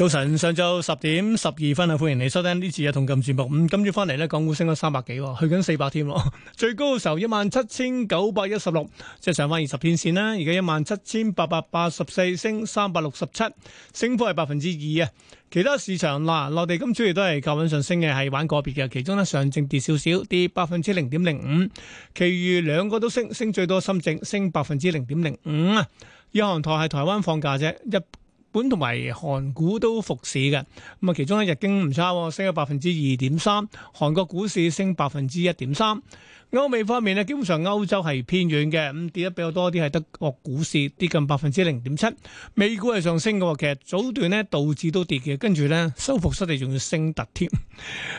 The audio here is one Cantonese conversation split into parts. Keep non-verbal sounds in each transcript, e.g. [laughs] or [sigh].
早晨，上晝十點十二分啊！歡迎你收聽呢次嘅同禁節目五今朝翻嚟咧，港股升咗三百幾，去緊四百添咯。 [laughs] 最高嘅時候一萬七千九百一十六，17, 16, 即係上翻二十天線啦。而家一萬七千八百八十四，升三百六十七，升幅係百分之二啊。其他市場嗱，內、啊、地今朝亦都係靠穩上升嘅，係玩個別嘅。其中呢，上證跌少少，跌百分之零點零五，其餘兩個都升，升最多深證升百分之零點零五啊。銀行台係台灣放假啫，一。本同埋韓股都復市嘅，咁啊其中一日經唔差，升咗百分之二點三，韓國股市升百分之一點三。歐美方面咧，基本上歐洲係偏軟嘅，咁跌得比較多啲，係德國股市跌近百分之零點七。美股係上升嘅，其實早段呢，道指都跌嘅，跟住呢，收復失地仲要升突添。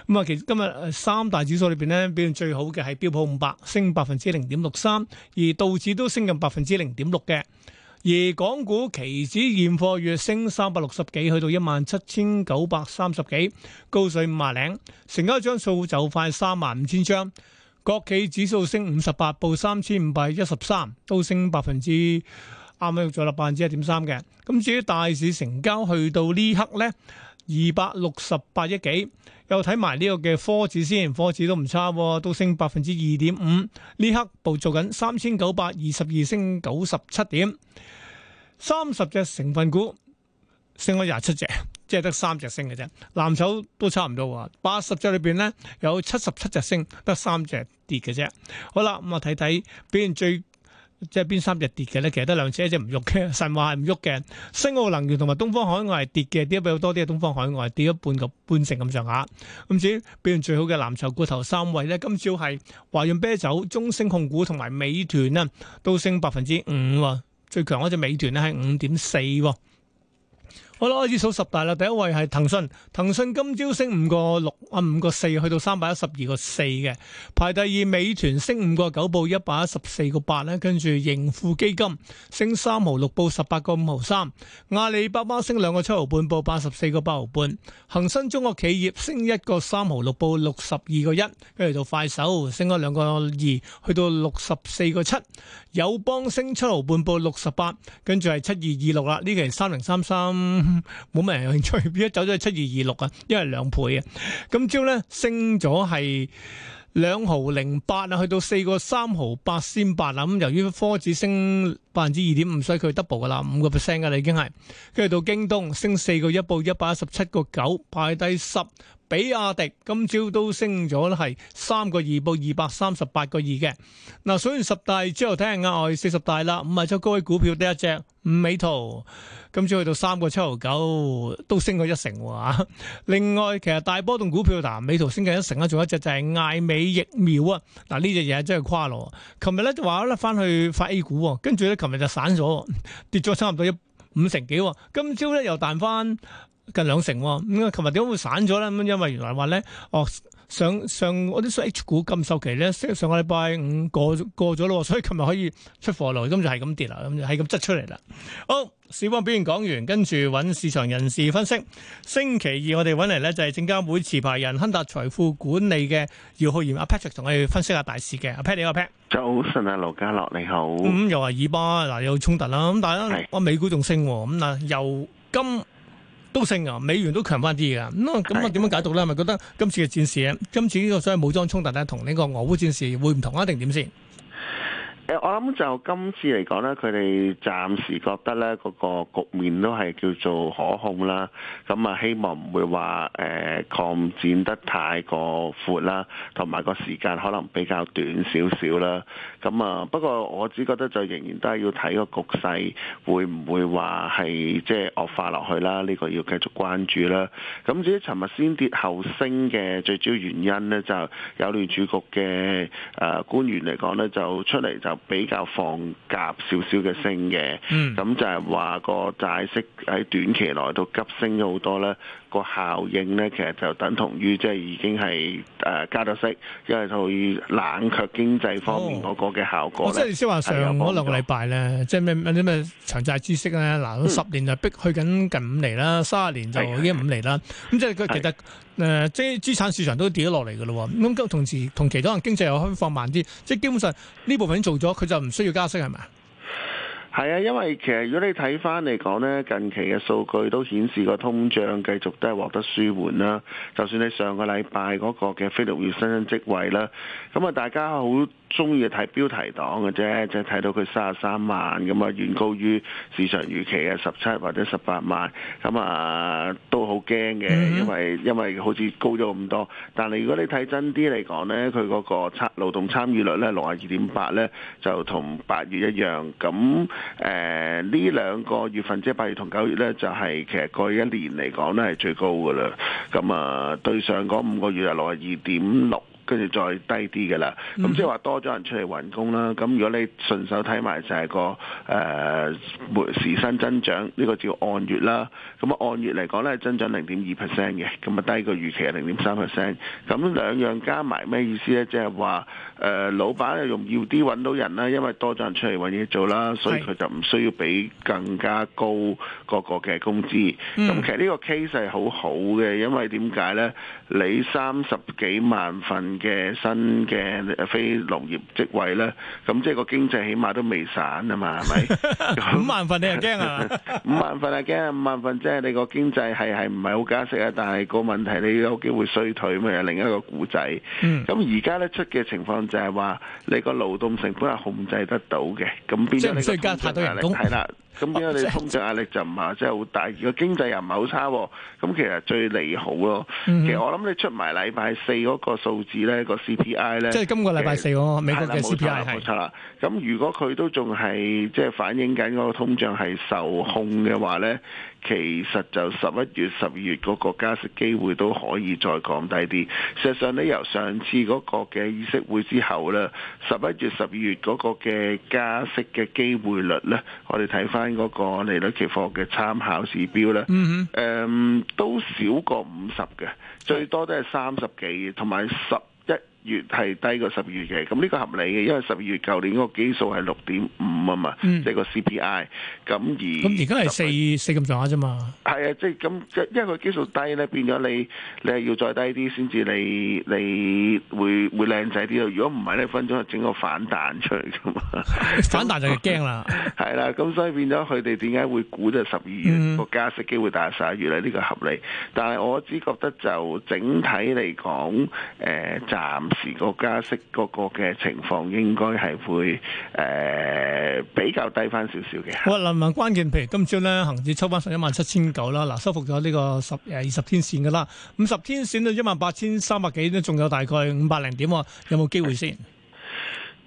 咁啊，其實今日三大指數裏邊呢，表現最好嘅係標普五百，升百分之零點六三，而道指都升近百分之零點六嘅。而港股期指現貨月升三百六十幾，去到一萬七千九百三十幾，高水五啊零，成交張數就快三萬五千張。國企指數升五十八，報三千五百一十三，都升百分之啱啱再落百分之一點三嘅。咁至於大市成交去到呢刻呢，二百六十八億幾。又睇埋呢個嘅科指先，科指都唔差喎，都升百分之二點五。呢刻步做緊三千九百二十二，升九十七點。三十隻成分股升咗廿七隻，即係得三隻升嘅啫。藍籌都差唔多啊，八十隻裏邊咧有七十七隻升，得三隻跌嘅啫。好啦，咁啊睇睇表現最。即係邊三隻跌嘅咧，其實得兩隻兩一隻唔喐嘅，神話係唔喐嘅。新奧能源同埋東方海外跌嘅，跌得比較多啲，係東方海外跌咗半個半成咁上下。咁至於表現最好嘅藍籌股頭三位咧，今朝係華潤啤酒、中升控股同埋美團，呢都升百分之五。最強嗰隻美團咧係五點四。好啦，開始數十大啦。第一位係騰訊，騰訊今朝升五個六啊，五個四去到三百一十二個四嘅。排第二，美團升五個九，報一百一十四個八咧。跟住盈富基金升三毫六，報十八個五毫三。阿里巴巴升兩個七毫半，報八十四個八毫半。恒生中國企業升一個三毫六，報六十二個一。跟住到快手升咗兩個二，去到六十四個七。友邦升七毫半，報六十八，跟住係七二二六啦。呢個係三零三三。冇乜、嗯、人有興趣，一走咗七二二六啊，因為兩倍啊。今朝咧，升咗係兩毫零八啊，去到四個三毫八先八啊。咁由於科指升百分之二點五，所以佢 double 噶啦，五個 percent 噶啦已經係跟住到京東升四個一，報一百一十七個九派低十。比亞迪今朝都升咗咧，係三個二到二百三十八個二嘅。嗱，數完十大之後睇下額外四十大啦，五萬七高位股票得一隻五美圖，今朝去到三個七毫九，都升咗一成喎。另外其實大波動股票嗱，美圖升緊一成啊，仲有一隻就係艾美疫苗啊。嗱，呢隻嘢真係誇囉，琴日咧就話咧返去發 A 股，跟住咧琴日就散咗，跌咗差唔多一五成幾。今朝咧又彈返。近兩成咁啊！琴日點解會散咗咧？咁因為原來話咧，哦，上上嗰啲 H 股禁售期咧，上個禮拜五過過咗咯，所以琴日可以出貨落，咁就係咁跌啦，咁就係咁執出嚟啦。好，市況表現講完，跟住揾市場人士分析。星期二我哋揾嚟咧就係證監會持牌人亨達財富管理嘅姚浩賢阿 Patrick 同我哋分析下大市嘅。阿、啊、Patrick，早晨啊，盧、啊、家樂你好。咁、嗯、又話以巴嗱，有衝突啦。咁但係啊，我美股仲升咁嗱、啊，由今。都升啊，美元都強翻啲嘅，咁我咁啊點樣解讀咧？係咪覺得今次嘅戰事，今次呢個所謂武裝衝突咧，同呢個俄烏戰事會唔同啊？定點先？我諗就今次嚟講咧，佢哋暫時覺得呢嗰個局面都係叫做可控啦。咁、嗯、啊，希望唔會話誒、呃、擴展得太過闊啦，同埋個時間可能比較短少少啦。咁、嗯、啊，不過我只覺得就仍然都係要睇個局勢會唔會話係即係惡化落去啦？呢、這個要繼續關注啦。咁、嗯、至於尋日先跌後升嘅最主要原因呢，就有聯儲局嘅誒、呃、官員嚟講呢，就出嚟就。比較放夾少少嘅升嘅，嗯，咁 [noise] 就係話個債息喺短期內到急升咗好多咧。個效應咧，其實就等同於即係已經係誒、呃、加咗息，因為對冷卻經濟方面嗰個嘅效果咧、哦啊。即係先話上嗰兩個禮拜咧，嗯、即係咩咩啲咩長債孳息咧，嗱、嗯、十年就逼去緊近五厘啦，三十年就已經五厘啦。咁即係佢其實誒，即係的、呃、資產市場都跌咗落嚟㗎咯。咁同時同其他能經濟又可以放慢啲，即係基本上呢部分做咗，佢就唔需要加息係咪？係啊，因為其實如果你睇翻嚟講咧，近期嘅數據都顯示個通脹繼續都係獲得舒緩啦。就算你上個禮拜嗰個嘅非農月新增職位啦，咁啊大家好中意睇標題黨嘅啫，即係睇到佢三十三萬咁啊，遠高於市場預期嘅十七或者十八萬，咁、嗯、啊都好驚嘅，因為因為好似高咗咁多。但係如果你睇真啲嚟講呢，佢嗰個參勞動參與率呢，六十二點八呢，就同八月一樣。咁誒呢兩個月份，即係八月同九月呢，就係、是、其實過去一年嚟講呢，係最高噶啦。咁啊、呃、對上個五個月係六十二點六。跟住、 [music] 嗯、再低啲嘅啦，咁即係話多咗人出嚟揾工啦。咁如果你順手睇埋就係個誒、呃、時薪增長呢、這個叫按月啦。咁按月嚟講咧，增長零點二 percent 嘅，咁啊低過預期嘅零點三 percent。咁兩樣加埋咩意思咧？即係話誒，老闆又容易啲揾到人啦，因為多咗人出嚟揾嘢做啦，所以佢就唔需要俾更加高個個嘅工資。咁其實呢個 case 係好好嘅，因為點解咧？你三十幾萬份。嘅新嘅非農業職位咧，咁即係個經濟起碼都未散啊嘛，係咪？五萬份你又驚啊？五萬份啊驚，五萬份即係你個經濟係係唔係好加息啊？但係個問題你有機會衰退咁啊，另一個古仔。咁而家咧出嘅情況就係話，你個勞動成本係控制得到嘅，咁變咗你個通脹壓力係啦，咁變咗你通脹壓力就唔係即係好大，而個經濟又唔係好差，咁其實最利好咯。其實我諗你出埋禮拜四嗰個數字咧。呢個 CPI 咧，即係今個禮拜四喎、哦、美國嘅 CPI 冇錯啦，咁如果佢都仲係即係反映緊嗰個通脹係受控嘅話咧。嗯嗯。其實就十一月、十二月嗰個加息機會都可以再降低啲。事實上咧，由上次嗰個嘅議息會之後咧，十一月、十二月嗰個嘅加息嘅機會率咧，我哋睇翻嗰個利率期貨嘅參考指標咧，mm hmm. 嗯，都少過五十嘅，最多都係三十幾，同埋十一。越係低過十二月嘅，咁呢個合理嘅，因為十二月舊年嗰個基數係六點五啊嘛，即係、嗯、個 CPI 年。咁而咁而家係四四咁上下啫嘛。係啊，即係咁，因為個基數低咧，變咗你你係要再低啲先至，你會你會會靚仔啲。如果唔係呢，分鐘係整個反彈出嚟㗎嘛。 [laughs] 反彈就驚啦。係啦、 [laughs] 啊，咁所以變咗佢哋點解會估咗十二月個加息機會大十一月咧，呢個合理，但係我只覺得就整體嚟講，誒、呃、暫。時個加息嗰個嘅情況應該係會誒比較低翻少少嘅。喂，嗱，關鍵，譬如今朝咧，恒指抽翻上一萬七千九啦，嗱，收復咗呢個十誒二十天線噶啦。五十天線到一萬八千三百幾，都仲有大概五百零點喎，有冇機會先？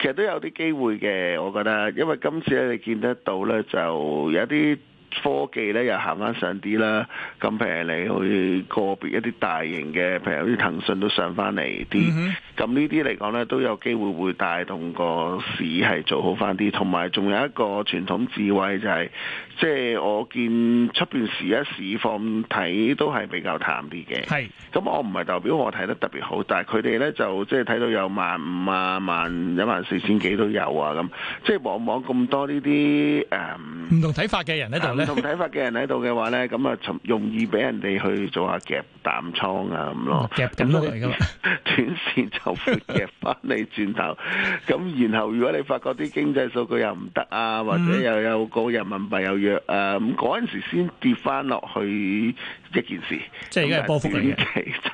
其實都有啲機會嘅，我覺得，因為今次咧，你見得到咧，就有啲科技咧又行翻上啲啦。咁譬如你去個別一啲大型嘅，譬如好似騰訊都上翻嚟啲。咁呢啲嚟講呢，都有機會會帶動個市係做好翻啲，同埋仲有一個傳統智慧就係、是，即、就、係、是、我見出邊市一市，市況睇都係比較淡啲嘅。係是。咁我唔係代表我睇得特別好，但係佢哋呢，就即係睇到有萬五、就是、啊、萬一萬四千幾都有啊，咁即係往往咁多呢啲誒唔同睇法嘅人喺度咧唔同睇法嘅人喺度嘅話呢，咁啊就容易俾人哋去做下夾淡倉啊咁咯，夾淡咯，短線。好闊嘅翻你轉頭，咁 [laughs] [laughs] [laughs] 然後如果你發覺啲經濟數據又唔得啊，或者又有個人民幣又弱啊，咁嗰陣時先跌翻落去。一件事，即係而家係波幅嘅，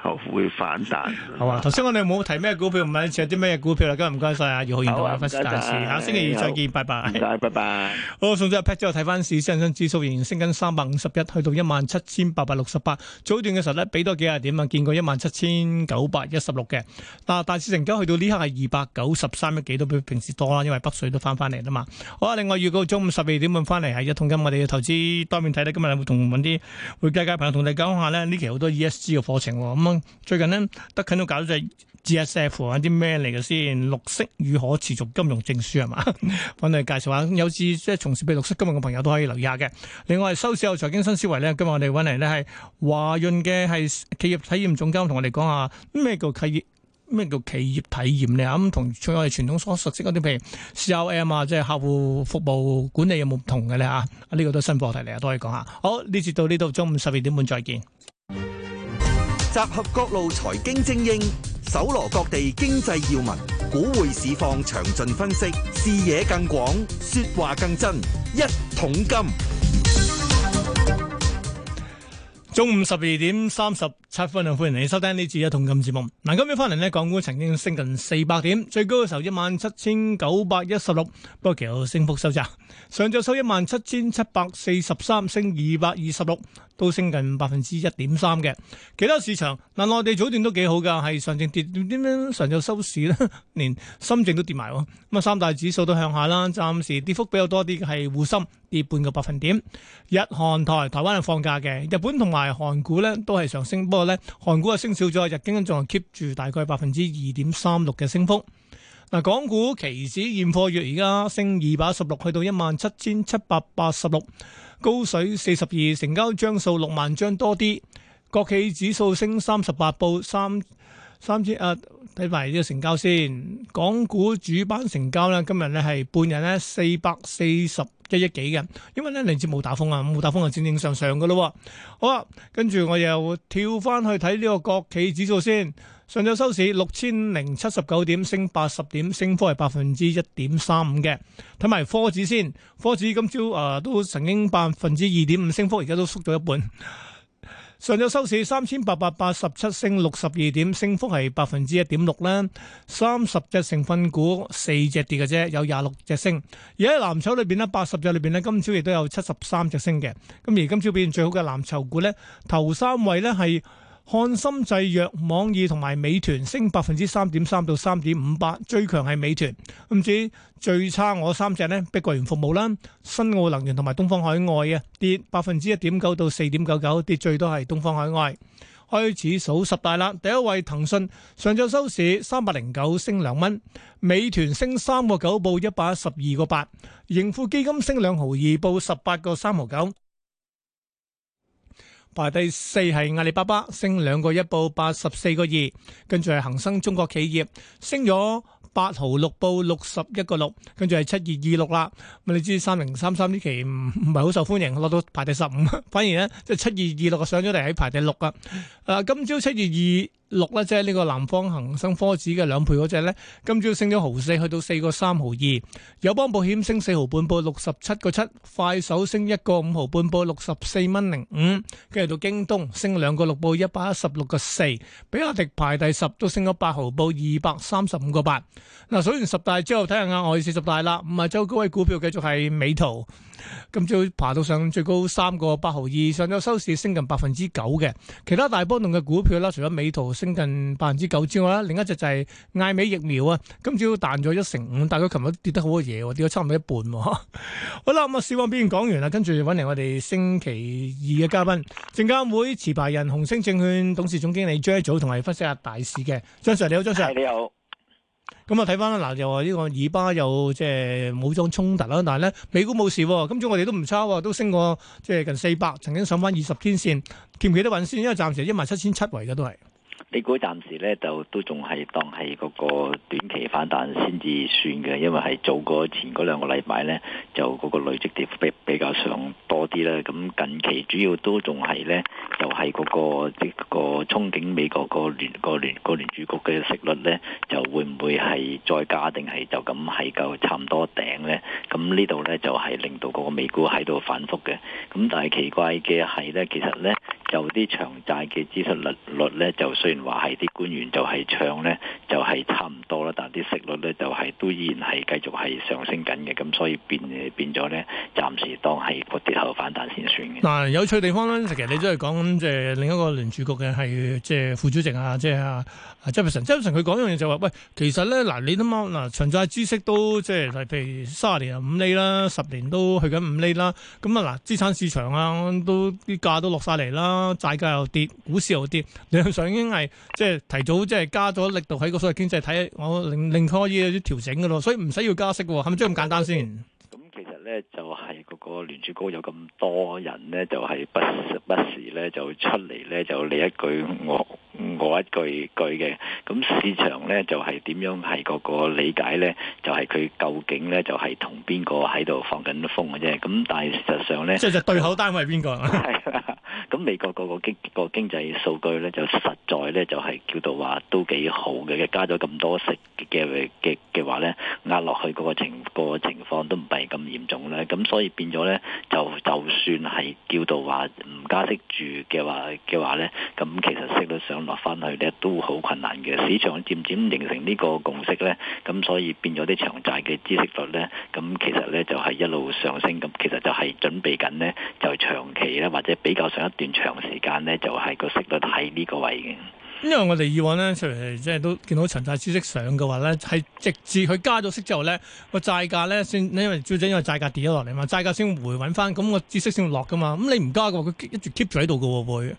就會反彈，好嘛？頭先我哋冇提咩股票，唔係，仲有啲咩股票啦？今日唔該晒，啊，葉浩然博士，多謝曬，下嘿星期二再見，拜拜好，拜拜 bye，bye bye 好，送咗一 pat 之後睇翻市，升緊指數，仍然升緊三百五十一，去到一萬七千八百六十八，早段嘅時候呢，俾多幾廿點啊，見過一萬七千九百一十六嘅，嗱，大市成交去到呢刻係二百九十三點幾，都比平時多啦，因為北水都翻翻嚟啦嘛。好啊，另外預告中午十二點半翻嚟係一桶金，我哋投資當面睇啦。今日有冇同揾啲會計界朋友同你？講下咧，呢期好多 ESG 嘅課程，咁最近呢，德勤都搞咗隻 GSF，玩啲咩嚟嘅先？綠色與可持續金融證書係嘛？搵嚟介紹下，有志即係從事俾綠色金融嘅朋友都可以留意下嘅。另外收市後財經新思維咧，今日我哋搵嚟咧係華潤嘅係企業體驗總監，同我哋講下咩叫企業。咩叫企業體驗咧？咁同再我哋傳統所熟悉嗰啲，譬如 CRM 啊即係客戶服務管理有冇唔同嘅咧？啊，呢個都係新課題嚟啊，都可以講下。好，呢節到呢度，中午十二點半再見。集合各路財經精英，搜羅各地經濟要聞，股匯市況詳盡分析，視野更廣，說話更真。一桶金，中午十二點三十。七分，歡迎你收聽呢次一桶金節目。嗱，今日翻嚟咧，港股曾經升近四百點，最高嘅時候一萬七千九百一十六，不過其後升幅收窄，上晝收一萬七千七百四十三，升二百二十六，都升近百分之一點三嘅。其他市場嗱，內地早段都幾好噶，係上證跌，點點點，上晝收市咧，連深證都跌埋，咁啊三大指數都向下啦。暫時跌幅比較多啲嘅係滬深跌半個百分點，日韓台台灣係放假嘅，日本同埋韓股咧都係上升波。咧，韓股啊升少咗，日經仲係 keep 住大概百分之二點三六嘅升幅。嗱，港股期指現貨月而家升二百一十六，去到一萬七千七百八十六，高水四十二，成交張數六萬張多啲。國企指數升三十八，報三三千啊，睇埋呢個成交先。港股主板成交呢，今日呢係半日呢四百四十。一億幾嘅，因為咧嚟自冇打風啊，冇打風就正正常常嘅咯。好啦，啊，跟住我又跳翻去睇呢個國企指數先，上晝收市六千零七十九點，升八十點，升幅係百分之一點三五嘅。睇埋科指先，科指今朝啊都曾經百分之二點五升幅，而家都縮咗一半。上晝收市三千八百八十七，升六十二點，升幅係百分之一點六啦。三十隻成分股四隻跌嘅啫，有廿六隻升。而喺藍籌裏邊咧，八十隻裏邊咧，今朝亦都有七十三隻升嘅。咁而今朝表現最好嘅藍籌股呢，頭三位呢係。翰森製藥、網易同埋美團升百分之三點三到三點五八，最強係美團。咁至於最差我三隻呢，碧桂園服務啦、新奧能源同埋東方海外呀，跌百分之一點九到四點九九，跌最多係東方海外。開始數十大啦，第一位騰訊上晝收市三百零九升兩蚊，美團升三個九報一百十二個八，盈富基金升兩毫二報十八個三毫九。排第四係阿里巴巴，升兩個一報八十四個二，跟住係恒生中國企業升咗八毫六報六十一個六，跟住係七二二六啦。咁你知三零三三呢期唔唔係好受歡迎，落到排第十五，反而咧即係七二二六啊上咗嚟，喺排第六啊。誒，今朝七月二。六咧，即係呢個南方恒生科指嘅兩倍嗰隻咧，今朝升咗毫四，去到四個三毫二。友邦保險升四毫半，報六十七個七。快手升一個五毫半，報六十四蚊零五。跟住，到京東升兩個六，報一百一十六個四。比亞迪排第十都升咗八毫，報二百三十五個八。嗱，數完十大之後，睇下額外四十大啦。唔係周高位股票繼續係美圖。今朝爬到上最高三個八毫二，上咗收市升近百分之九嘅。其他大波動嘅股票啦，除咗美圖升近百分之九之外咧，另一隻就係艾美疫苗啊。今朝彈咗一成五，但係佢琴日跌得好多嘢，跌咗差唔多一半。 [laughs] 好啦，咁、嗯、啊，市況先講完啦，跟住揾嚟我哋星期二嘅嘉賓，證監會持牌人、紅星證券董事總經理張一祖，同埋分析下大市嘅張 Sir，你好，張 Sir。哎，你好。咁啊，睇翻啦，嗱又話呢個以巴又即係武裝衝突啦，但係咧美股冇事喎，今朝我哋都唔差喎，都升過即係近四百，曾經上翻二十天線，企唔企得穩先？因為暫時一萬七千七位嘅都係。你估暫時咧就都仲係當係嗰個短期反彈先至算嘅，因為係做過前嗰兩個禮拜咧，就嗰個累積跌幅比較上。嗰啲啦。咁近期主要都仲係呢，就係、是、嗰、那個呢、就是、個憧憬美國個聯、嗰個聯、嗰個聯儲局嘅息率呢，就會唔會係再加定係就咁係夠差唔多頂呢？咁呢度呢，就係令到嗰個美股喺度反覆嘅。咁但係奇怪嘅係呢，其實呢，就啲長債嘅孳息率率呢，就雖然話係啲官員就係唱呢，就係、是、差唔多啦，但係啲息率呢、就是，就係都依然係繼續係上升緊嘅。咁所以變變咗呢，暫時當係個跌反彈先算嘅。嗱，啊，有趣地方咧，其實你都係講緊即係另一個聯儲局嘅，係即係副主席啊，即係啊，Jefferson。Jefferson 佢講一樣嘢就話：喂，其實咧，嗱，啊，你啱啱嗱，存在知識都即係例如三十年又五厘啦，十年都去緊五厘啦。咁啊，嗱，資產市場啊，都啲價都落晒嚟啦，債價又跌，股市又跌，你兩上已經係即係提早即係加咗力度喺個所謂經濟體，我令令可以有啲調整嘅咯。所以唔使要加息嘅喎，係咪即係咁簡單先？咁其實咧就係。個聯儲局有咁多人咧，就係、是、不不時咧就出嚟咧就你一句我我一句句嘅。咁市場咧就係、是、點樣係個個理解咧，就係、是、佢究竟咧就係同邊個喺度放緊風嘅啫，咁但係事實上咧，即係對口單位係邊個？ [laughs] 美國個個經個經濟數據咧就實在咧就係叫到話都幾好嘅，加咗咁多食嘅嘅嘅話咧壓落去個個情個個情況都唔係咁嚴重咧，咁所以變咗咧就就算係叫到話。加息住嘅話嘅話咧，咁其實息率上落翻去呢都好困難嘅。市場漸漸形成呢個共識呢，咁所以變咗啲長債嘅孳息率呢，咁其實呢就係一路上升。咁其實就係準備緊呢，就長期呢，或者比較上一段長時間呢，就係個息率喺呢個位嘅。因為我哋以往咧，除即係都見到陳債知息上嘅話咧，係直至佢加咗息之後咧，個債價咧先，因為最緊因為債價跌咗落嚟嘛，債價先回穩翻，咁個知息先會落噶嘛，咁你唔加嘅話，佢一直 keep 住喺度嘅會。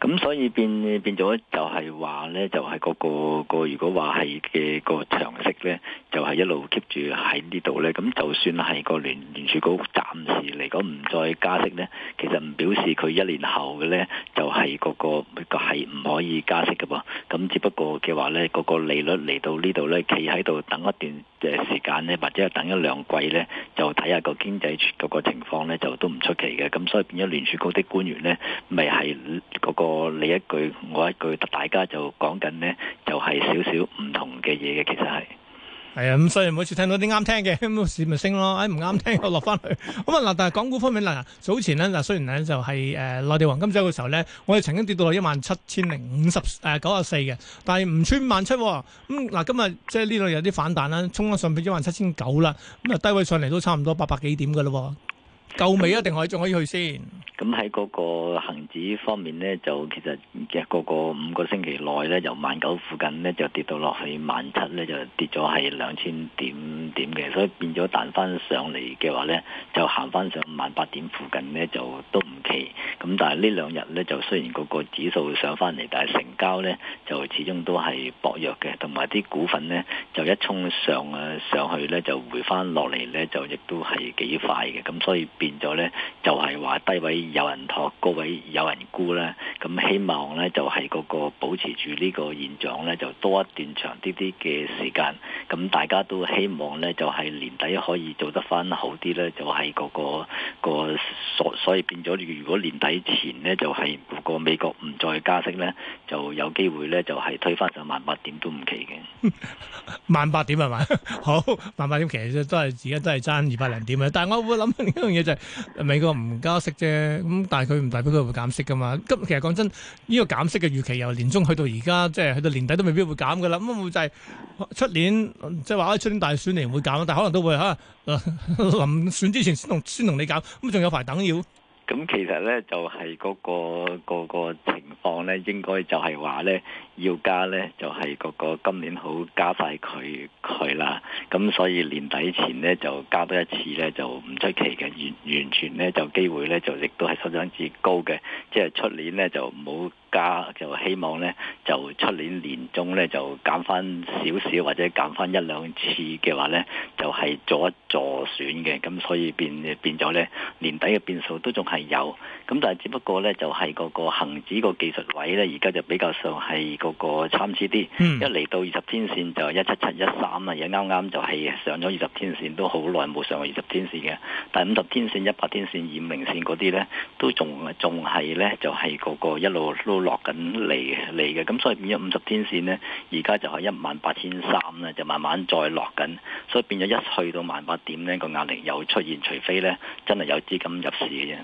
咁所以變變咗就係話呢，就係嗰個個如果話係嘅個常識呢，就係一路 keep 住喺呢度呢。咁就算係個聯聯儲局暫時嚟講唔再加息呢，其實唔表示佢一年後嘅呢，就係嗰個個係唔可以加息嘅噃。咁只不過嘅話呢，嗰個利率嚟到呢度呢，企喺度等一段嘅時間咧，或者係等一兩季咧，就睇下個經濟嗰個情況咧，就都唔出奇嘅。咁所以變咗聯儲局嗰啲官員咧，咪係嗰個你一句我一句，大家就講緊咧，就係少少唔同嘅嘢嘅，其實係。係啊，咁、哎、所以每次聽到啲啱聽嘅咁事咪升咯，哎唔啱聽我落翻去。咁啊嗱，但係港股方面嗱、呃，早前咧嗱，雖然咧就係、是、誒、呃、內地黃金周嘅時候咧，我哋曾經跌到落一萬七千零五十誒九十四嘅，但係唔穿萬七、哦。咁、嗯、嗱、嗯，今日即係呢度有啲反彈啦，衝咗上邊一萬七千九啦，咁、嗯、啊低位上嚟都差唔多八百幾點嘅啦。夠尾一定係仲可以去先？咁喺嗰個恒指方面呢，就其實一個個五個星期內呢，由萬九附近呢就跌到落去萬七呢，就跌咗係兩千點點嘅，所以變咗彈翻上嚟嘅話呢，就行翻上萬八點附近呢，就都唔奇。咁但係呢兩日呢，就雖然個個指數上翻嚟，但係成交呢，就始終都係薄弱嘅，同埋啲股份呢，就一衝上啊上去呢，就回翻落嚟呢，就亦都係幾快嘅，咁所以。變咗咧，就係話低位有人托，高位有人沽咧。咁希望咧就係嗰個保持住呢個現狀咧，就多一段長啲啲嘅時間。咁大家都希望咧就係年底可以做得翻好啲咧、嗰個，就係嗰個所所以變咗。如果年底前咧就係個美國唔再加息咧，就有機會咧就係推翻上萬八點都唔奇嘅。萬八 [laughs] 點係嘛？ [laughs] 好，萬八點其實都係而家都係爭二百零點嘅。但係我會諗一樣嘢美國唔加息啫，咁但係佢唔代表佢會減息噶嘛。咁其實講真，呢、這個減息嘅預期由年中去到而家，即係去到年底都未必會減噶啦。咁就係出年，即係話出年大選年會減，但係可能都會吓，臨、啊、 [laughs] 選之前先同先同你減。咁仲有排等要。咁其實咧就係嗰個個個情況咧，應該就係話咧要加咧，就係嗰個今年好加快佢佢啦。咁所以年底前咧就加多一次咧，就唔出奇嘅。完完全咧就機會咧就亦都係收漲至高嘅。即係出年咧就唔好。家就希望咧，就出年年中咧就減翻少少，或者減翻一兩次嘅話咧，就係、是、做一助選嘅，咁所以變變咗咧年底嘅變數都仲係有。咁但係只不過咧，就係嗰個恆指個技術位咧，而家就比較上係嗰個參差啲。嗯、一嚟到二十天線就一七七一三啊，而啱啱就係上咗二十天線，都好耐冇上過二十天線嘅。但係五十天線、一百天線、二五零線嗰啲咧，都仲仲係咧，就係、係、嗰個一路都落緊嚟嚟嘅。咁所以變咗五十天線咧，而家就係一萬八千三啦，就慢慢再落緊。所以變咗一去到萬八點咧，個壓力又出現，除非咧真係有資金入市嘅啫。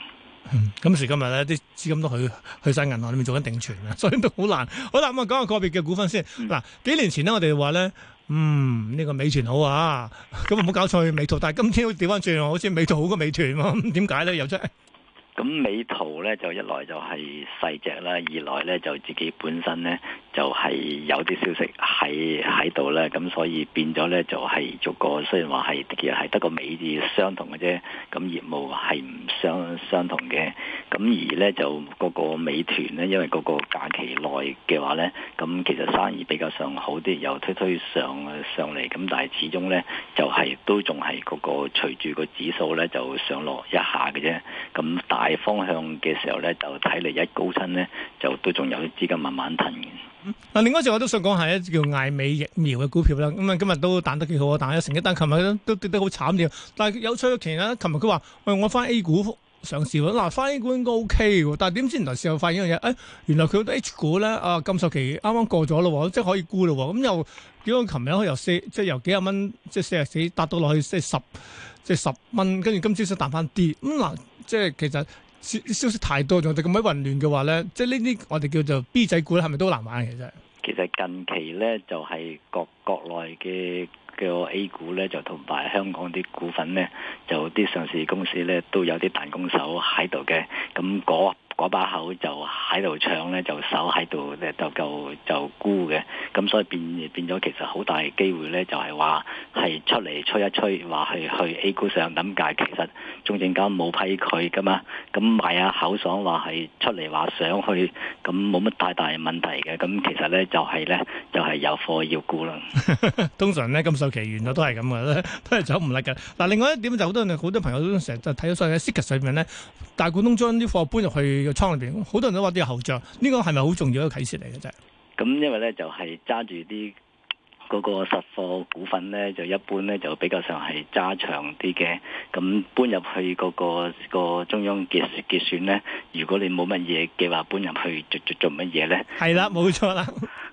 嗯、今時今日咧，啲資金都去去曬銀行裏面做緊定存啊，所以都好難。好啦，咁啊講下個別嘅股份先。嗱、嗯，幾年前咧，我哋話咧，嗯，呢、呢個美團好啊，咁唔好搞錯美圖。但係今天調翻轉，好似美圖好過美團喎，點解咧？又真係咁？美圖咧，就一來就係細隻啦，二來咧就自己本身咧。就係有啲消息喺喺度咧，咁所以變咗咧就係、是、逐個，雖然話係其實係得個美字相同嘅啫，咁業務係唔相相同嘅。咁而咧就嗰個美團咧，因為嗰個假期內嘅話咧，咁其實生意比較上好啲，又推推上上嚟，咁但係始終咧就係、是、都仲係嗰個隨住個指數咧就上落一下嘅啫。咁大方向嘅時候咧，就睇嚟一高薪咧，就都仲有啲資金慢慢騰。嗱、啊，另外一隻我都想講，係一隻叫艾美疫苗嘅股票啦。咁、嗯、啊，今日都彈得幾好啊，但咗成一單，琴日都跌得好慘啲。但係有趣嘅係咧，琴日佢話，喂，我返 A 股上市喎。嗱、啊，返 A 股應該 OK 但係點知原來時候發現一樣嘢，誒、哎，原來佢好多 H 股咧，啊，禁售期啱啱過咗咯、哦，即係可以沽咯。咁、嗯、又點解琴日可以由四，即係由幾十蚊，即係四十四，達到落去即係十，即係十蚊，跟住今朝先彈翻跌。咁、啊、嗱，即係其實。消息太多，仲就咁鬼混亂嘅話咧，即係呢啲我哋叫做 B 仔股係咪都難玩嘅？其實其實近期咧，就係、是、國國內嘅嘅 A 股咧，就同埋香港啲股份咧，就啲上市公司咧，都有啲彈弓手喺度嘅，咁嗰。嗰把口就喺度唱咧，就手喺度咧，就就就沽嘅。咁所以變變咗，其實好大機會咧，就係話係出嚟吹一吹，話去去 A 股上咁解。其實中證監冇批佢㗎嘛。咁賣下口爽話係出嚟話上去，咁冇乜太大，大問題嘅。咁其實咧就係咧，就係、是就是、有貨要沽啦。 [laughs] 通常咧首期完咗都係咁嘅咧，都係走唔甩嘅。嗱，另外一點就好、是、多人好多朋友都成日就睇咗所謂喺 CCASS 上面咧，大股東將啲貨搬入去。個倉裏邊好多人都話啲後著，呢個係咪好重要一個啟示嚟嘅啫？咁因為咧就係揸住啲。嗰個實貨股份咧就一般咧就比較上係揸長啲嘅，咁搬入去嗰個個中央結結算咧，如果你冇乜嘢嘅話，搬入去做做做乜嘢咧？係啦，冇錯啦。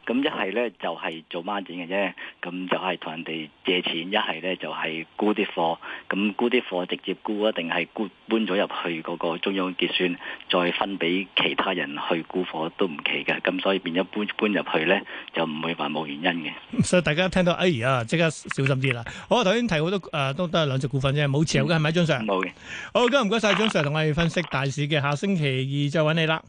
咁一係咧就係做孖展嘅啫，咁就係同人哋借錢；一係咧就係沽啲貨，咁沽啲貨直接沽一定係沽搬咗入去嗰個中央結算，再分俾其他人去沽貨都唔奇嘅。咁所以變咗搬搬入去咧就唔會話冇原因嘅。大家聽到哎呀，即刻小心啲啦！好，頭先提好多誒，都都係兩隻股份啫，冇持有嘅係咪張 Sir？冇嘅。嗯、好，今日唔該曬張 Sir 同我哋分析大市嘅，下星期二就揾你啦。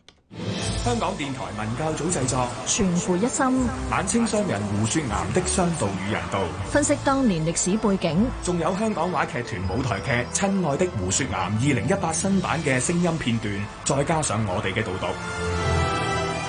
香港電台文教組製作，全副一心。晚清商人胡雪岩的商道與人道。分析當年歷史背景。仲有香港話劇團舞台劇《親愛的胡雪岩》二零一八新版嘅聲音片段，再加上我哋嘅導讀。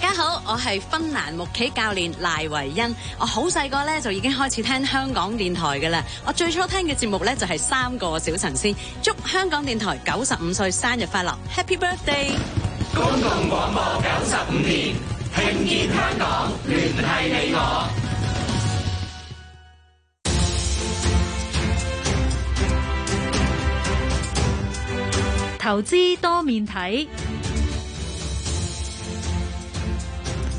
大家好，我係芬蘭木企教練賴維恩。我好細個咧就已經開始聽香港電台㗎喇。我最初聽嘅節目咧就係三個小神仙。祝香港電台九十五歲生日快樂，Happy Birthday！公共廣播九十五年，聽見香港，聯繫你我。投資多面睇。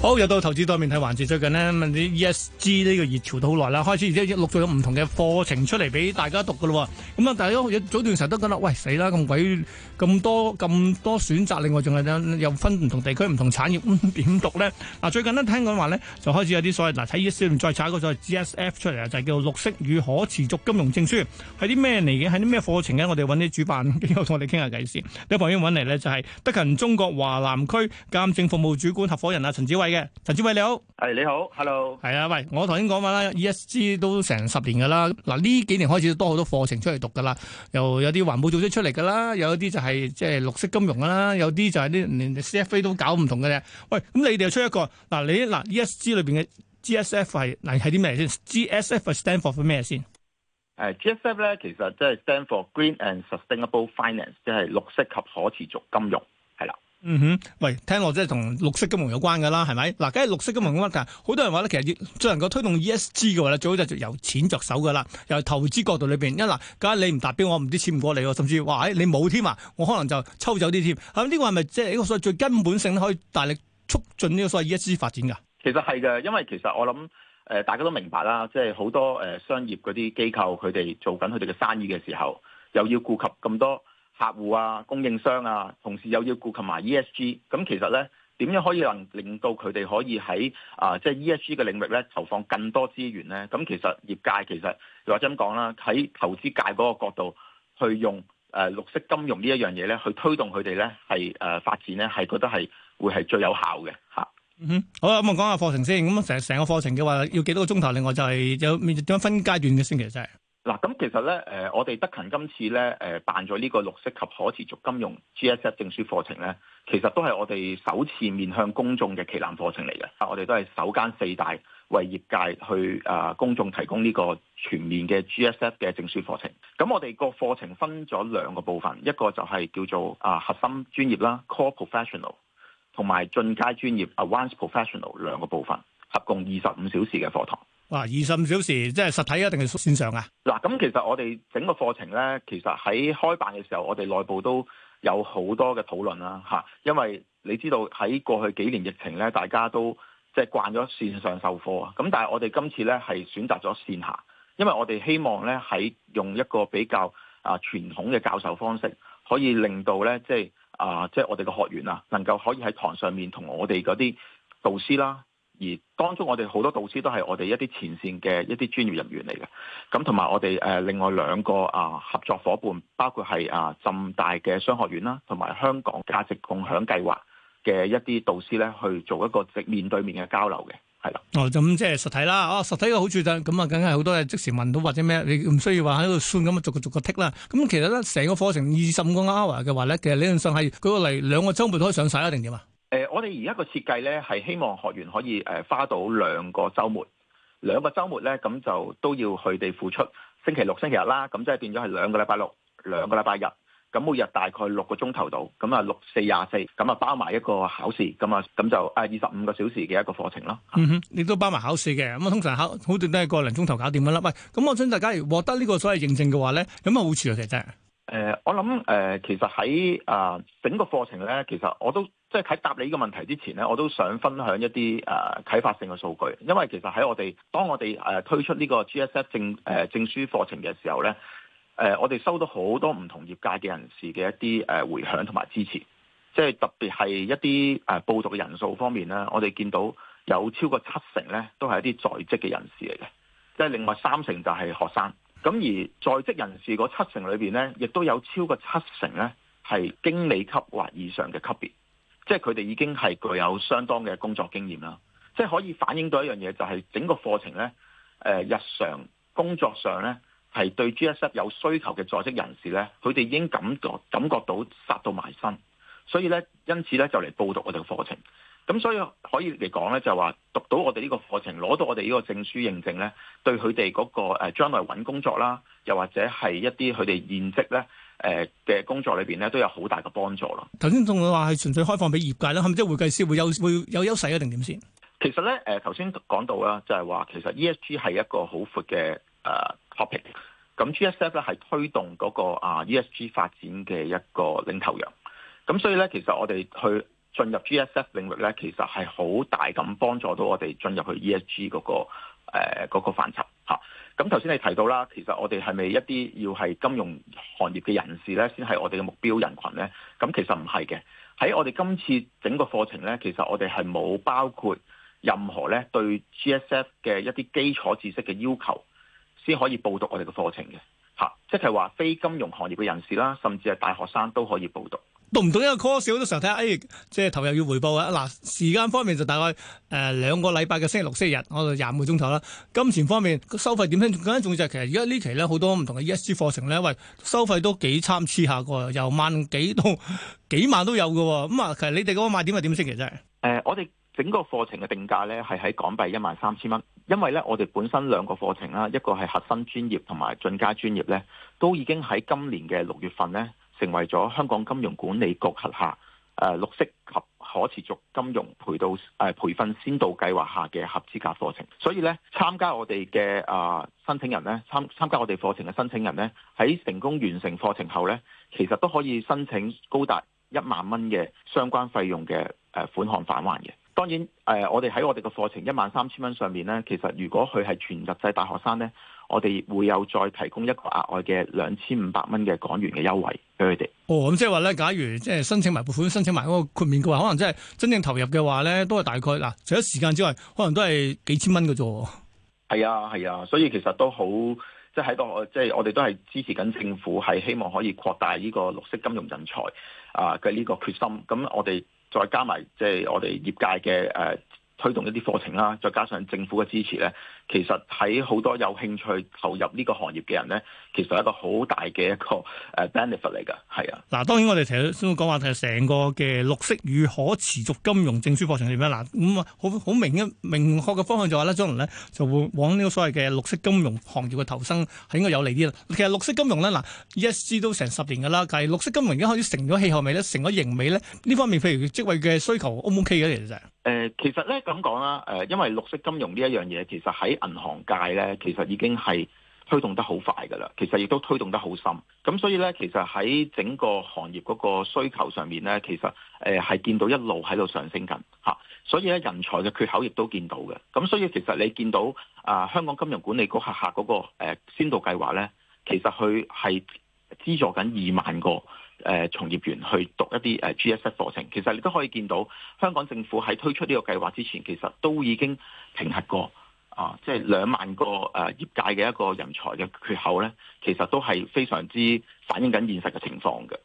好，又到投資多面睇環節，最近呢，問 ESG 呢個熱潮都好耐啦，開始而家錄咗唔同嘅課程出嚟俾大家讀嘅咯。咁、嗯、啊，大家早段時候都覺得，喂死啦，咁鬼咁多咁多選擇，另外仲係有又分唔同地區、唔同產業，咁、嗯、點讀咧？啊，最近呢，聽講話咧，就開始有啲所謂嗱，睇 ESG 再查一個所謂 GSF 出嚟啊，就係叫做綠色與可持續金融證書，係啲咩嚟嘅？係啲咩課程呢？我哋揾啲主辦機構同我哋傾下偈先。有朋友揾嚟呢，就係、是、德勤中國華南區鑑證服務主管合伙人啊，陳志偉。嘅陳志偉你好，係你好，hello，係啊，喂，我頭先講話啦，E S G 都成十年噶啦，嗱呢幾年開始都多好多課程出嚟讀噶啦，又有啲環保組織出嚟噶啦，有啲就係即係綠色金融啦，有啲就係啲連 C F A 都搞唔同嘅啫。喂，咁你哋又出一個嗱你嗱 E S G 裏邊嘅 G S F 係係啲咩先？G S F stand for 咩先？誒，G S F 咧，其實即係 stand for green and sustainable finance，即係綠色及可持續金融。嗯哼，喂，聽落即係同綠色金融有關噶啦，係咪？嗱，梗係綠色金融咁啦，但係好多人話咧，其實最能夠推動 ESG 嘅話咧，最好就由錢着手噶啦，由投資角度裏邊，一嗱，梗係你唔達標，我唔知錢唔過嚟，甚至話喺你冇添啊，我可能就抽走啲添，咁呢、這個係咪即係呢個所謂最根本性可以大力促進呢個所謂 ESG 發展噶？其實係嘅，因為其實我諗誒、呃，大家都明白啦，即係好多誒、呃、商業嗰啲機構，佢哋做緊佢哋嘅生意嘅時候，又要顧及咁多。客戶啊，供應商啊，同時又要顧及埋 ESG，咁其實咧點樣可以能令到佢哋可以喺啊、呃、即係 ESG 嘅領域咧投放更多資源咧？咁其實業界其實又話點講啦？喺投資界嗰個角度去用誒、呃、綠色金融呢一樣嘢咧，去推動佢哋咧係誒發展咧，係覺得係會係最有效嘅嚇。啊、嗯哼，好，咁啊，講下課程先。咁啊，成成個課程嘅話要幾多個鐘頭？另外就係、是、有點樣分階段嘅先啫。嗱，咁其實咧，誒，我哋德勤今次咧，誒，辦咗呢個綠色及可持續金融 GSF 證書課程咧，其實都係我哋首次面向公眾嘅旗艦課程嚟嘅。啊，我哋都係首間四大為業界去啊公眾提供呢個全面嘅 GSF 嘅證書課程。咁我哋個課程分咗兩個部分，一個就係叫做啊核心專業啦 （Core Professional） 同埋進階專業 （Advanced Professional） 兩個部分，合共二十五小時嘅課堂。哇！二十五小時，即係實體啊，定係線上啊？嗱，咁其實我哋整個課程咧，其實喺開辦嘅時候，我哋內部都有好多嘅討論啦，嚇，因為你知道喺過去幾年疫情咧，大家都即係慣咗線上授課啊。咁但係我哋今次咧係選擇咗線下，因為我哋希望咧喺用一個比較啊傳統嘅教授方式，可以令到咧即係啊即係我哋嘅學員啊，能夠可以喺堂上面同我哋嗰啲導師啦。而當中我哋好多導師都係我哋一啲前線嘅一啲專業人員嚟嘅，咁同埋我哋誒另外兩個啊合作夥伴，包括係啊浸大嘅商學院啦，同埋香港價值共享計劃嘅一啲導師咧，去做一個直面對面嘅交流嘅，係啦。哦，咁即係實體啦。哦、啊，實體嘅好處就咁啊，梗係好多嘢即時問到或者咩，你唔需要話喺度算咁啊，逐個逐個剔啦。咁其實咧，成個課程二十五個 hour 嘅話咧，其實理論上係舉個例，兩個週末都可以上晒一定點啊？誒、呃，我哋而家個設計咧，係希望學員可以誒、呃、花到兩個周末，兩個周末咧，咁就都要佢哋付出星期六、星期日啦，咁即係變咗係兩個禮拜六、兩個禮拜日，咁每日大概六個鐘頭度，咁啊六四廿四，咁啊包埋一個考試，咁啊咁就誒二十五個小時嘅一個課程咯。嗯、哼，你都包埋考試嘅，咁啊通常考好短都係個零鐘頭搞掂噶啦。喂、哎，咁我想大家如獲得呢個所謂認證嘅話咧，有乜好處啊？其實誒、呃，我諗誒、呃，其實喺啊、呃、整個課程咧，其實我都。即係喺答你呢個問題之前咧，我都想分享一啲誒、呃、啟發性嘅數據，因為其實喺我哋當我哋誒、呃、推出呢個 G.S.E. 證誒、呃、證書課程嘅時候咧，誒、呃、我哋收到好多唔同業界嘅人士嘅一啲誒回響同埋支持，即係特別係一啲誒、呃、報讀嘅人數方面咧，我哋見到有超過七成咧都係一啲在職嘅人士嚟嘅，即係另外三成就係學生。咁而在職人士嗰七成裏邊咧，亦都有超過七成咧係經理級或以上嘅級別。即係佢哋已經係具有相當嘅工作經驗啦，即係可以反映到一樣嘢，就係、是、整個課程咧，誒、呃、日常工作上咧係對 GSE 有需求嘅在職人士咧，佢哋已經感覺感覺到殺到埋身，所以咧因此咧就嚟報讀我哋嘅課程，咁所以可以嚟講咧就話讀到我哋呢個課程，攞到我哋呢個證書認證咧，對佢哋嗰個誒、呃、將來揾工作啦，又或者係一啲佢哋現職咧。誒嘅、呃、工作裏邊咧，都有好大嘅幫助咯。頭先仲話係純粹開放俾業界咧，係咪即係會計師會有會有優勢啊？定點先？其實咧，誒頭先講到啦，就係話其實 ESG 係一個好闊嘅誒 topic。咁、呃、GSF s 咧係、嗯、推動嗰、嗰個啊 ESG 發展嘅一個領頭羊。咁所以咧，其實我哋去進入 GSF s、F、領域咧，其實係好大咁幫助到我哋進入去 ESG 嗰、嗰個。誒嗰、呃那個範疇，咁頭先你提到啦，其實我哋係咪一啲要係金融行業嘅人士咧，先係我哋嘅目標人群咧？咁、嗯、其實唔係嘅，喺我哋今次整個課程咧，其實我哋係冇包括任何咧對 GSF 嘅一啲基礎知識嘅要求，先可以報讀我哋嘅課程嘅嚇、啊，即係話非金融行業嘅人士啦，甚至係大學生都可以報讀。讀唔到一個 course，好多時候，睇下。誒、哎，即係投入要回報啊！嗱，時間方面就大概誒兩、呃，個禮拜嘅星期六、星期日，我度廿五個鐘頭啦。金錢方面，收費點？更加重要就係其實而家呢期咧，好多唔同嘅 E S G 課程咧，喂，收費都幾參差下嘅，由萬幾到幾萬都有嘅。咁啊，其實你哋嗰個賣點係點嚟嘅啫？誒、呃，我哋整個課程嘅定價咧係喺港幣一萬三千蚊，因為咧我哋本身兩個課程啦，一個係核心專業，同埋進階專業咧，都已經喺今年嘅六月份咧，成為咗香港金融管理局轄下誒、呃、綠色及可持續金融培導誒、呃、培訓先導計劃下嘅合資格課程，所以咧，參加我哋嘅啊申請人咧，參參加我哋課程嘅申請人咧，喺成功完成課程後咧，其實都可以申請高達一萬蚊嘅相關費用嘅誒、呃、款項返還嘅。當然誒、呃，我哋喺我哋嘅課程一萬三千蚊上面咧，其實如果佢係全日制大學生咧。我哋會有再提供一個額外嘅兩千五百蚊嘅港元嘅優惠俾佢哋。哦，咁即係話咧，假如即係申請埋撥款、申請埋嗰個豁免嘅話，可能即係真正投入嘅話咧，都係大概嗱，除咗時間之外，可能都係幾千蚊嘅啫。係啊，係啊，所以其實都好，即係喺度即係我哋都係支持緊政府係希望可以擴大呢個綠色金融人才啊嘅呢個決心。咁我哋再加埋即係我哋業界嘅誒、呃、推動一啲課程啦，再加上政府嘅支持咧。其實喺好多有興趣投入呢個行業嘅人咧，其實係一個好大嘅一個誒 benefit 嚟噶，係啊。嗱，當然我哋頭先講話就係成個嘅綠色與可持續金融證書課程係點樣。嗱、嗯，咁好好明嘅明確嘅方向就話咧、啊，將來咧就會往呢個所謂嘅綠色金融行業嘅投身，係應該有利啲啦。其實綠色金融咧，嗱、啊，ESG 都成十年噶啦，但係綠色金融已經開始成咗氣候未咧，成咗形未咧，呢方面譬如職位嘅需求 O 唔 O K 嘅其實？誒、呃，其實咧咁講啦，誒、呃，因為綠色金融呢一樣嘢，其實喺銀行界咧，其實已經係推動得好快㗎啦，其實亦都推動得好深。咁所以咧，其實喺整個行業嗰個需求上面咧，其實誒係見到一路喺度上升緊嚇。所以咧，人才嘅缺口亦都見到嘅。咁所以其實你見到啊、呃，香港金融管理局下下嗰、那個誒先導計劃咧，其實佢係資助緊二萬個誒從、呃、業員去讀一啲誒 g s s 課程。其實你都可以見到，香港政府喺推出呢個計劃之前，其實都已經評核過。啊，即係兩萬個誒呃、業界嘅一個人才嘅缺口咧，其實都係非常之反映緊現實嘅情況嘅。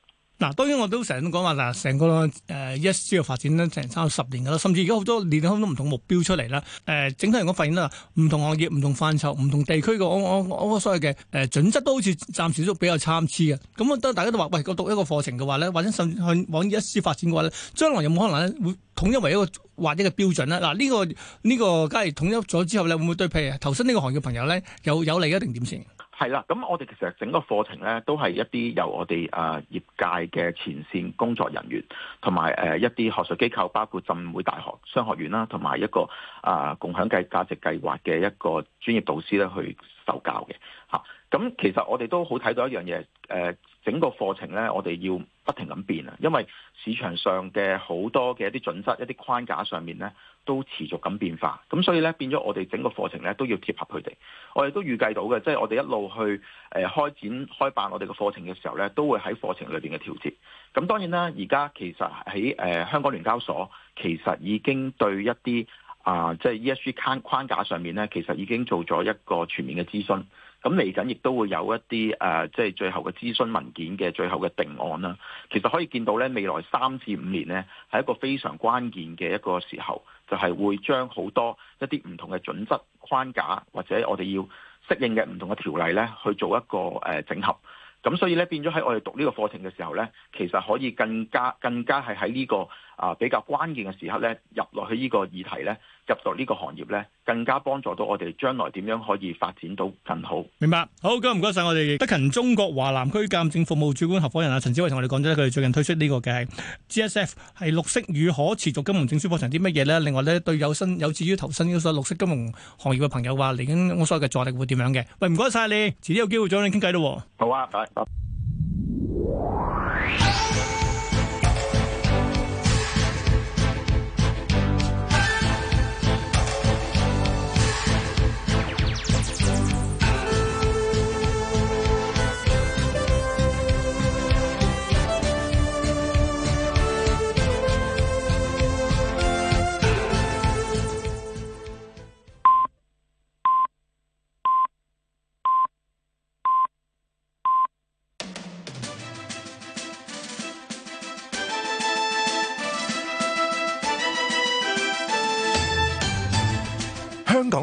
嗱、啊，當然我都成日都講話嗱，成個誒 ESG 嘅發展咧，成差十年噶啦，甚至而家好多年好多唔同目標出嚟啦。誒、呃，整體嚟講發現咧，唔同行業、唔同範疇、唔同地區嘅、哦哦，所謂嘅誒準則都好似暫時都比較參差嘅。咁、嗯、啊，大家都話，喂，個讀一個課程嘅話咧，或者甚至往 ESG 發展嘅話咧，將來有冇可能咧會統一為一個或者一個標準咧？嗱、啊，呢、這個呢、這個假如統一咗之後咧，會唔會對譬如投身呢個行業嘅朋友咧有有，有利啊？定點先？係啦，咁我哋其實整個課程咧，都係一啲由我哋啊、呃、業界嘅前線工作人員，同埋誒一啲學術機構，包括浸會大學商學院啦，同埋一個啊、呃、共享計價值計劃嘅一個專業導師咧去授教嘅嚇。咁、啊、其實我哋都好睇到一樣嘢誒。呃整個課程咧，我哋要不停咁變啊，因為市場上嘅好多嘅一啲準則、一啲框架上面咧，都持續咁變化。咁所以咧，變咗我哋整個課程咧，都要貼合佢哋。我哋都預計到嘅，即係我哋一路去誒開展開辦我哋嘅課程嘅時候咧，都會喺課程裏邊嘅調節。咁當然啦，而家其實喺誒香港聯交所，其實已經對一啲啊，即係 ESG 框架上面咧，其實已經做咗一個全面嘅諮詢。咁嚟緊亦都會有一啲誒，即、呃、係最後嘅諮詢文件嘅最後嘅定案啦。其實可以見到咧，未來三至五年咧係一個非常關鍵嘅一個時候，就係、是、會將好多一啲唔同嘅準則框架或者我哋要適應嘅唔同嘅條例咧，去做一個誒整合。咁所以咧變咗喺我哋讀呢個課程嘅時候咧，其實可以更加更加係喺呢個。啊，比較關鍵嘅時刻咧，入落去呢個議題咧，入到呢個行業咧，更加幫助到我哋將來點樣可以發展到更好。明白，好，咁唔該晒。我哋德勤中國華南區鑑證服務主管合伙人啊，陳志偉同我哋講咗咧，佢哋最近推出呢個嘅 G S F 係綠色與可持續金融證書課程啲乜嘢咧？另外咧，對有新有志於投身呢個綠色金融行業嘅朋友話嚟緊，我所謂嘅助力會點樣嘅？喂，唔該晒，你，遲啲有機會再傾偈啦喎。好啊，係。拜拜